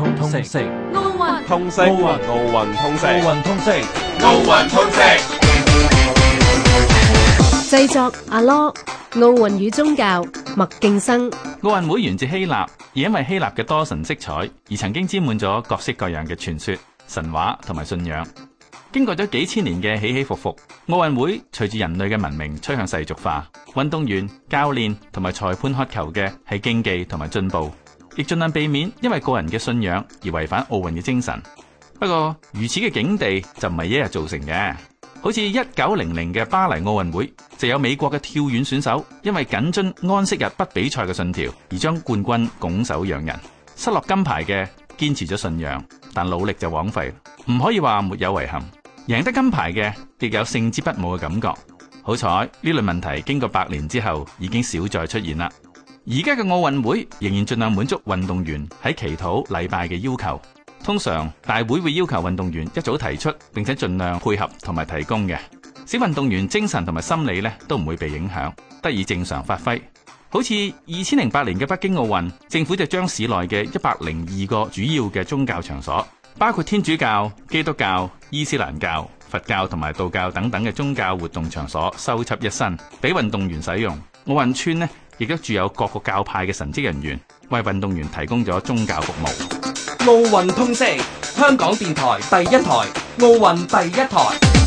通通奧運，奧運，奧運通識，奧運通奧運通製作：阿羅。奧運與宗教，麥敬生。奧運會源自希臘，而因為希臘嘅多神色彩，而曾經沾滿咗各式各樣嘅傳說、神話同埋信仰。經過咗幾千年嘅起起伏伏，奧運會隨住人類嘅文明趨向世俗化，運動員、教練同埋裁判渴求嘅係競技同埋進步。亦盡量避免因為個人嘅信仰而違反奧運嘅精神。不過，如此嘅境地就唔係一日造成嘅。好似一九零零嘅巴黎奧運會，就有美國嘅跳遠選手因為謹遵安息日不比賽嘅信條，而將冠軍拱手讓人，失落金牌嘅堅持咗信仰，但努力就枉費。唔可以話沒有遺憾。贏得金牌嘅亦有勝之不武嘅感覺。好彩呢類問題經過百年之後，已經少再出現啦。而家嘅奧運會仍然盡量滿足運動員喺祈禱禮拜嘅要求。通常大會會要求運動員一早提出，並且盡量配合同埋提供嘅，使運動員精神同埋心理呢都唔會被影響，得以正常發揮。好似二千零八年嘅北京奧運，政府就將市內嘅一百零二個主要嘅宗教場所，包括天主教、基督教、伊斯蘭教、佛教同埋道教等等嘅宗教活動場所收，收葺一新，俾運動員使用。奧運村呢。亦都住有各個教派嘅神職人員，為運動員提供咗宗教服務。奧運通識，香港電台第一台，奧運第一台。